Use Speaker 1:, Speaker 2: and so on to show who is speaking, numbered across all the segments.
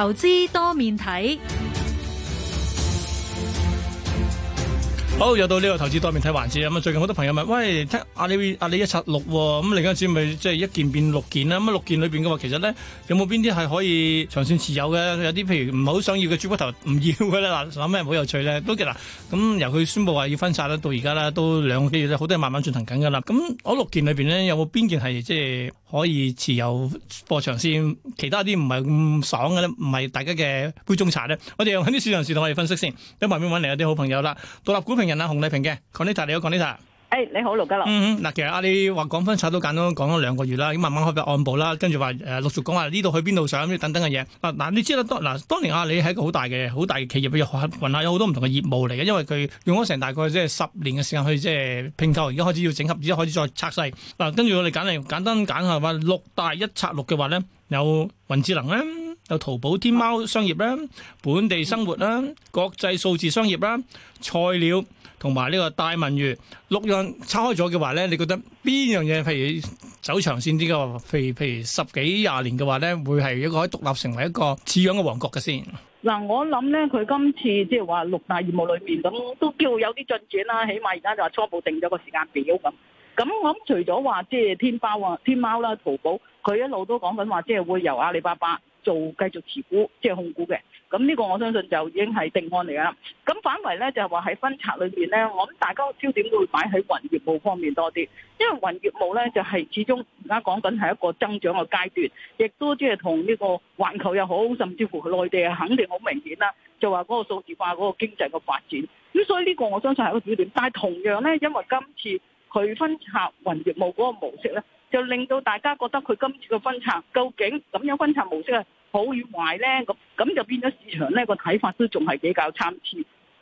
Speaker 1: 投資多面
Speaker 2: 睇，好又到呢個投資多面睇環節。咁啊，最近好多朋友問：喂，阿、啊、你阿里、啊、一拆六喎，咁你嗰陣時咪即係一件變六件啦。咁六件裏邊嘅話，其實咧有冇邊啲係可以長線持有嘅？有啲譬如唔係好想要嘅豬骨頭唔要嘅啦。嗱，諗咩好有趣咧？都叫嗱，咁、嗯、由佢宣布話要分拆啦，到而家啦，都兩個幾月，好多人慢慢進行緊噶啦。咁、嗯、我六件裏邊咧有冇邊件係即係？可以持有播長先。其他啲唔係咁爽嘅咧，唔係大家嘅杯中茶咧。我哋喺啲市場上同我哋分析先，喺外面揾嚟啲好朋友啦。獨立股評人啊，洪麗萍嘅，講啲嘢嚟，你好誒，你好，盧家樂。嗯哼，嗱，其實阿里話講分拆都簡單，講咗兩個月啦，已經慢慢開筆按部啦，跟住話誒陸續講話呢度去邊度上，等等嘅嘢。啊，嗱，你知道當嗱當年阿里係一個好大嘅好大嘅企業嘅，雲下有好多唔同嘅業務嚟嘅，因為佢用咗成大概即係十年嘅時間去即係拼購，而家開始要整合，而家開始再拆細。嗱，跟住我哋簡嚟簡單講下話六大一拆六嘅話咧，有雲智能咧。就淘寶、天貓商業啦，本地生活啦，國際數字商業啦，菜鳥同埋呢個大文娛，六樣拆開咗嘅話咧，你覺得邊樣嘢，譬如走長線啲嘅，譬如譬如十幾廿年嘅話咧，會係一個可以獨立成為一個似樣嘅王國嘅先？
Speaker 1: 嗱，我諗咧，佢今次即係話六大業務裏面咁都叫有啲進展啦，起碼而家就話初步定咗個時間表咁。咁我諗除咗話即係天貓啊，天貓啦，淘寶，佢一路都講緊話即係會由阿里巴巴。做繼續持股即係、就是、控股嘅，咁呢個我相信就已經係定案嚟啦。咁反為咧就係話喺分拆裏邊咧，我諗大家焦點都會擺喺雲業務方面多啲，因為雲業務咧就係、是、始終而家講緊係一個增長嘅階段，亦都即係同呢個環球又好，甚至乎內地係肯定好明顯啦，就話嗰個數字化嗰、那個經濟嘅發展。咁所以呢個我相信係個焦點，但係同樣咧，因為今次佢分拆雲業務嗰個模式咧。就令到大家覺得佢今次嘅分拆，究竟咁樣分拆模式啊，好與壞咧？咁咁就變咗市場咧個睇法都仲係比較參差，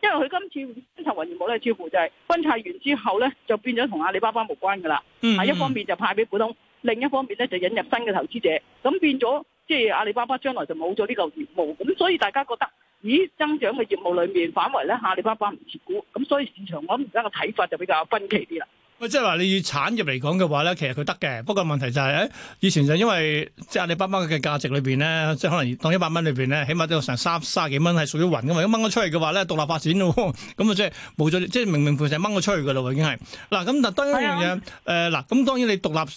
Speaker 1: 因為佢今次分拆雲業務咧，似乎就係分拆完之後咧，就變咗同阿里巴巴無關㗎啦。嗯，嗯，嗯，一方面就派俾股東，另一方面咧就引入新嘅投資者，咁變咗即係阿里巴巴將來就冇咗呢個業務。咁所以大家覺得，咦，增長嘅業務裡面反為咧阿里巴巴唔持股，咁所以市場我諗而家嘅睇法就比較分歧啲啦。
Speaker 2: 喂，即係話你以產業嚟講嘅話咧，其實佢得嘅，不過問題就係，誒，以前就因為即係阿里巴巴嘅價值裏邊咧，即係可能當一百蚊裏邊咧，起碼都有成三十幾蚊係屬於雲噶嘛，一掹咗出去嘅話咧，獨立發展咯，咁啊即係冇咗，即係明明符實掹咗出去噶咯，已經係，嗱、啊、咁，但係當然一樣嘢，誒、哎呀，嗱、呃，咁當然你獨立。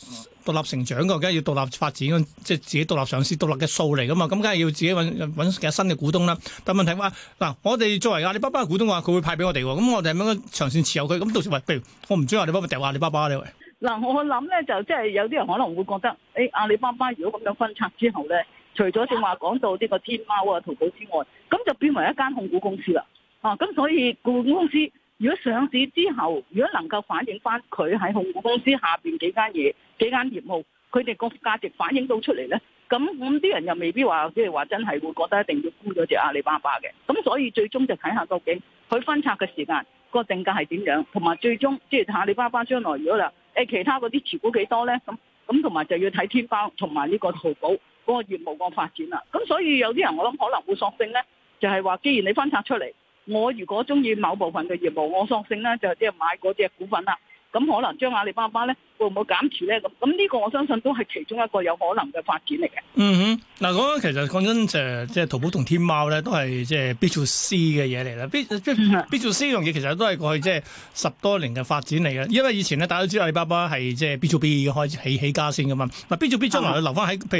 Speaker 2: 獨立成長嘅，梗係要獨立發展，即係自己獨立上市、獨立嘅數嚟噶嘛，咁梗係要自己揾揾其他新嘅股東啦。但問題話嗱，我哋作為阿里巴巴嘅股東話，佢會派俾我哋喎，咁我哋咁樣長線持有佢，咁到時喂，譬如我唔鍾意阿，阿里巴巴，掉阿里巴巴你喂。
Speaker 1: 嗱，我諗咧就即、是、係有啲人可能會覺得，誒、哎、阿里巴巴如果咁樣分拆之後咧，除咗正話講到呢個天貓啊、淘寶之外，咁就變為一間控股公司啦。啊，咁所以控股，股公司如果上市之後，如果能夠反映翻佢喺控股公司下邊幾間嘢。幾間業務，佢哋個價值反映到出嚟。呢，咁咁啲人又未必話，即係話真係會覺得一定要沽咗隻阿里巴巴嘅，咁所以最終就睇下究竟佢分拆嘅時間個定價係點樣，同埋最終即係阿里巴巴將來如果啦，誒其他嗰啲持股幾多呢？咁咁同埋就要睇天貓同埋呢個淘寶嗰個業務個發展啦，咁所以有啲人我諗可能會索性呢，就係話既然你分拆出嚟，我如果中意某部分嘅業務，我索性呢，就即係買嗰隻股份啦，咁可能將阿里巴巴呢。會唔
Speaker 2: 會減持咧？咁咁呢個我相信都係其中一個有可能嘅發展嚟嘅。嗯哼，嗱，講其實講真，就即係淘寶同天貓咧，都係即係 B2C 嘅嘢嚟啦。B2C 呢樣嘢其實都係過去即係十多年嘅發展嚟嘅。因為以前咧，大家都知道阿里巴巴係即係 B2B 嘅開始起起家先嘅嘛。嗱，B2B 將來留翻喺譬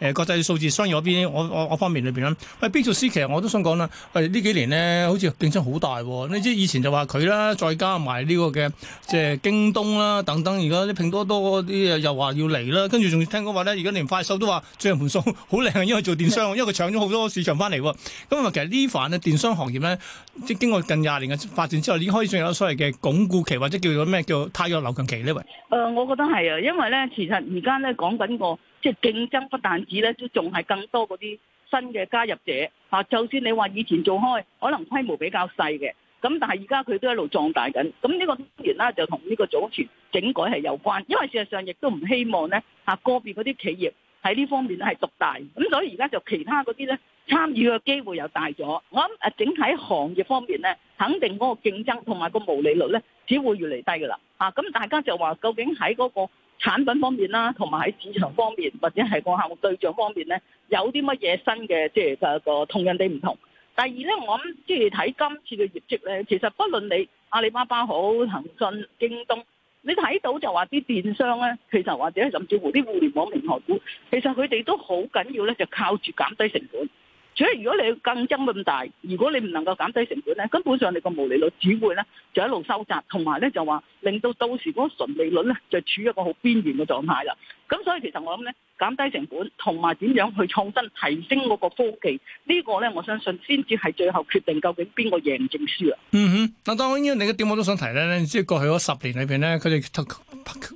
Speaker 2: 如誒國際數字商業嗰邊，我我我方面裏邊啦。喂，B2C 其實我都想講啦。喂，呢幾年咧，好似競爭好大喎。你知以前就話佢啦，再加埋呢個嘅即係京東啦等等，而家拼多多啲又話要嚟啦，跟住仲聽講話咧，而家連快手都話最近盤數好靚，因為做電商，的因為佢搶咗好多市場翻嚟。咁啊，其實呢一咧，電商行業咧，即經過近廿年嘅發展之後，已可以始有咗所謂嘅鞏固期，或者叫做咩叫做汰弱留強期呢？喂，
Speaker 1: 誒，我覺得係啊，因為咧，其實而家咧講緊個即競爭不但止咧，都仲係更多嗰啲新嘅加入者嚇。就算你話以前做開，可能規模比較細嘅。咁但係而家佢都一路壯大緊，咁呢個資源啦，就同呢個組團整改係有關，因為事實上亦都唔希望咧嚇個別嗰啲企業喺呢方面咧係獨大，咁所以而家就其他嗰啲咧參與嘅機會又大咗。我諗誒整體行業方面咧，肯定嗰個競爭同埋個毛利率咧，只會越嚟低㗎啦。咁大家就話究竟喺嗰個產品方面啦，同埋喺市場方面或者係個客戶對象方面咧，有啲乜嘢新嘅，即係個同人哋唔同。第二呢，我諗即係睇今次嘅業績呢。其實不論你阿里巴巴好、騰訊、京東，你睇到就話啲電商呢，其實或者甚至乎啲互聯網平台股，其實佢哋都好緊要呢，就靠住減低成本。所以如果你競爭咁大，如果你唔能夠減低成本呢，根本上你個毛利率只會呢，就一路收窄，同埋呢，就話令到到時嗰個純利率呢，就處於一個好邊緣嘅狀態啦。咁所以其實我諗咧，減低成本同埋點樣去創新、提升嗰個科技，這個、呢個咧我相信先至係最後決定究竟邊個贏定輸啊！嗯
Speaker 2: 哼，嗱，當然你嘅點我都想提咧，即係過去嗰十年裏邊咧，佢哋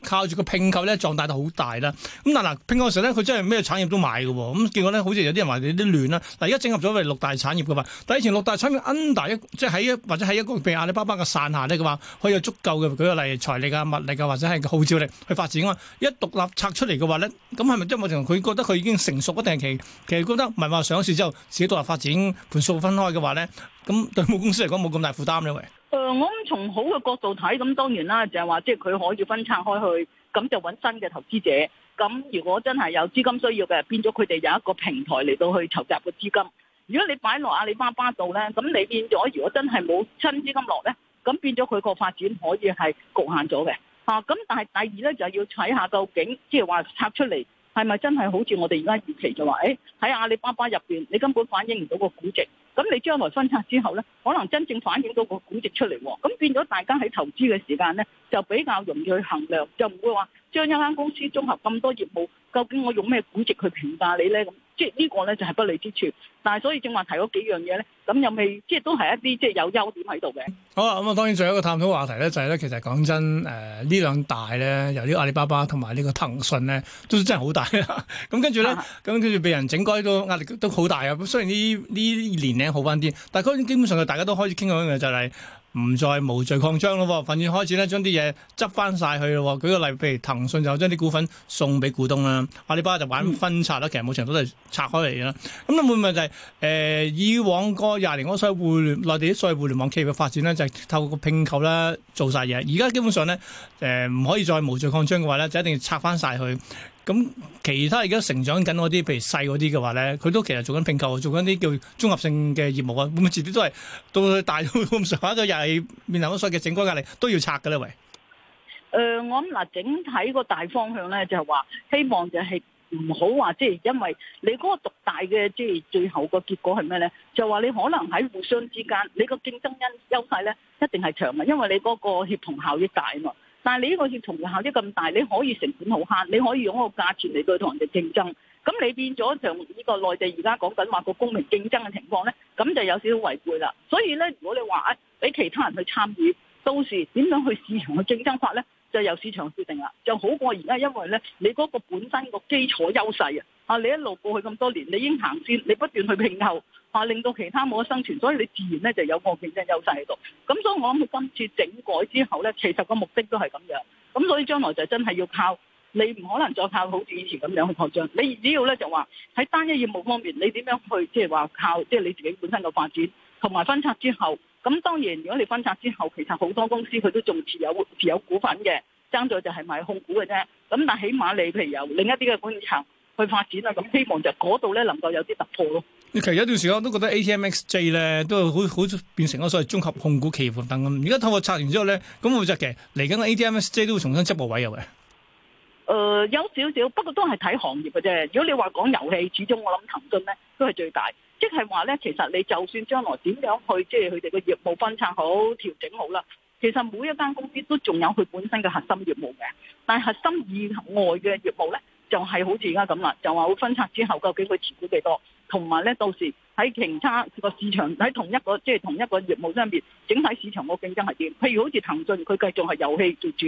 Speaker 2: 靠住個併購咧，壯大到好大啦。咁嗱嗱，併購嘅時候咧，佢真係咩產業都買嘅喎。咁結果咧，好似有啲人話你啲亂啦。嗱，而家整合咗為六大產業嘅嘛。但以前六大產業 under 一，即係喺或者喺一個被阿里巴巴嘅傘下呢，佢話可以有足夠嘅舉個例，如財力啊、物力啊，或者係號召力去發展啊。一獨立拆出嚟嘅話咧，咁係咪即係我同佢覺得佢已經成熟一定期，其實覺得唔係話上市之後自己獨立發展盤數分開嘅話咧，咁對母公司嚟講冇咁大負擔。因為，誒、
Speaker 1: 呃，我諗從好嘅角度睇，咁當然啦，就係、是、話即係佢可以分拆開去，咁就搵新嘅投資者。咁如果真係有資金需要嘅，變咗佢哋有一個平台嚟到去籌集個資金。如果你擺落阿里巴巴度咧，咁你變咗如果真係冇新資金落咧，咁變咗佢個發展可以係局限咗嘅。啊，咁但係第二咧，就要睇下究竟，即係話拆出嚟係咪真係好似我哋而家預期就話，欸，喺阿里巴巴入面，你根本反映唔到個估值，咁你將來分拆之後咧，可能真正反映到個估值出嚟，咁變咗大家喺投資嘅時間咧，就比較容易去衡量，就唔會話將一間公司綜合咁多業務，究竟我用咩估值去評價你咧咁。即係呢個咧就係不利之處，但係所以正話提嗰幾樣嘢咧，咁又未即係都係一啲即係有優點
Speaker 2: 喺度嘅。好啦，咁啊當然仲有一個探討話題咧、就係，就係咧其實講真誒呢兩大咧，由啲阿里巴巴同埋呢個騰訊咧，都真係好大啦。咁跟住咧，咁跟住被人整改都壓力都好大啊。咁雖然呢呢年齡好翻啲，但係嗰基本上大家都開始傾緊嘅就係、係。唔再無序擴張咯，反而開始開始咧將啲嘢執翻晒去咯。舉個例，譬如騰訊就將啲股份送俾股東啦，阿里巴巴就玩分拆啦，嗯、其實某程度都係拆開嚟嘅啦。咁會唔會就係、是呃、以往個廿年嗰所謂互聯內地啲所謂互聯網企業嘅發展咧，就係、是、透過個併購啦做晒嘢。而家基本上咧誒，唔、呃、可以再無序擴張嘅話咧，就一定要拆翻晒去。咁其他而家成長緊嗰啲，譬如細嗰啲嘅話咧，佢都其實做緊併購，做緊啲叫綜合性嘅業務啊，咁啊，自己都係到大到咁，上下就又係面臨所有嘅整改壓力，都要拆嘅咧，喂。
Speaker 1: 誒、呃，我諗嗱，整體個大方向咧，就係、是、話希望就係唔好話，即、就、係、是、因為你嗰個獨大嘅，即、就、係、是、最後個結果係咩咧？就話、是、你可能喺互相之間，你個競爭因優勢咧，一定係長嘅，因為你嗰個協同效益大啊嘛。但你係你呢個協同嘅效益咁大，你可以成本好慳，你可以用個價錢嚟對同人哋競爭，咁你變咗就呢個內地而家講緊話個公平競爭嘅情況咧，咁就有少少違背啦。所以咧，如果你話誒俾其他人去參與，到時點樣去市場嘅競爭法咧，就由市場決定啦，就好過而家因為咧你嗰個本身個基礎優勢啊。啊！你一路過去咁多年，你應行先，你不斷去併購，啊令到其他冇得生存，所以你自然咧就有個競爭優勢喺度。咁所以我諗，今次整改之後咧，其實個目的都係咁樣。咁所以將來就真係要靠你，唔可能再靠好似以前咁樣去擴張。你只要咧就話喺單一業務方面，你點樣去即係話靠，即係你自己本身嘅發展同埋分拆之後。咁當然，如果你分拆之後，其實好多公司佢都仲持有持有股份嘅，爭咗就係賣控股嘅啫。咁但起碼你譬如有另一啲嘅股層。去發展啦，咁希望就嗰度咧能夠有啲突破咯。
Speaker 2: 其實有段時間我都覺得 ATMXJ 咧都好好變成咗所謂綜合控股企業等咁。而家透過拆完之後咧，咁冇執嘅嚟緊嘅 ATMXJ 都會重新執部位入嘅。
Speaker 1: 誒、呃，有少少，不過都係睇行業嘅啫。如果你話講遊戲，始終我諗騰訊咧都係最大。即係話咧，其實你就算將來點樣去，即係佢哋嘅業務分拆好、調整好啦，其實每一間公司都仲有佢本身嘅核心業務嘅。但係核心以外嘅業務咧，就係好似而家咁啦，就話會分拆之後，究竟佢持股幾多？同埋咧，到時喺其他個市場喺同一個即係同一個業務上面，整體市場個競爭係點？譬如好似騰訊，佢繼續係遊戲做主，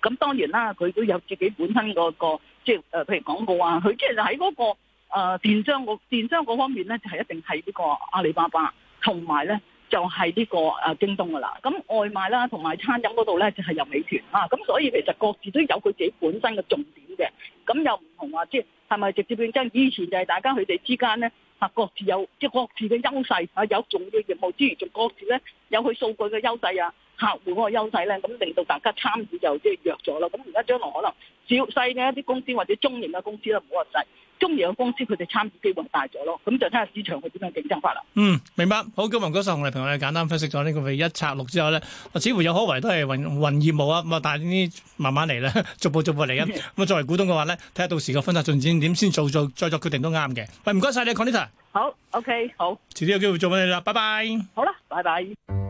Speaker 1: 咁當然啦，佢都有自己本身個個即係誒，譬如廣告啊，佢即係喺嗰個誒、呃、電商個電商方面咧，就係一定係呢個阿里巴巴，同埋咧就係呢個京東噶啦。咁外賣啦，同埋餐飲嗰度咧，就係有美團啊。咁所以其實各自都有佢自己本身嘅重點。嘅，咁又唔同話，即係咪直接變真。以前就係大家佢哋之間咧，啊，各自有即係各自嘅優勢，啊，有重要業務之餘，仲各自咧有佢數據嘅優勢啊，客戶嗰個優勢咧，咁令到大家參與就即係弱咗啦。咁而家將來可能小細嘅一啲公司或者中型嘅公司都唔好話。
Speaker 2: 中型嘅公司佢哋參與機會大咗咯，咁就睇下市場佢點樣競爭法啦。嗯，明白。好，今日唔該曬熊麗萍，我哋簡單分析咗呢個一拆六之後咧，似乎有可為都係雲雲業務啊。咁啊，但係呢慢慢嚟啦，逐步逐步嚟啊。咁啊，作為股東嘅話咧，睇下到時個分拆進展點先做再做再作決定都啱嘅。喂，唔該晒你，Conny，好，
Speaker 1: 好，OK，好，
Speaker 2: 遲啲有機會做翻你啦，拜拜。
Speaker 1: 好啦，拜拜。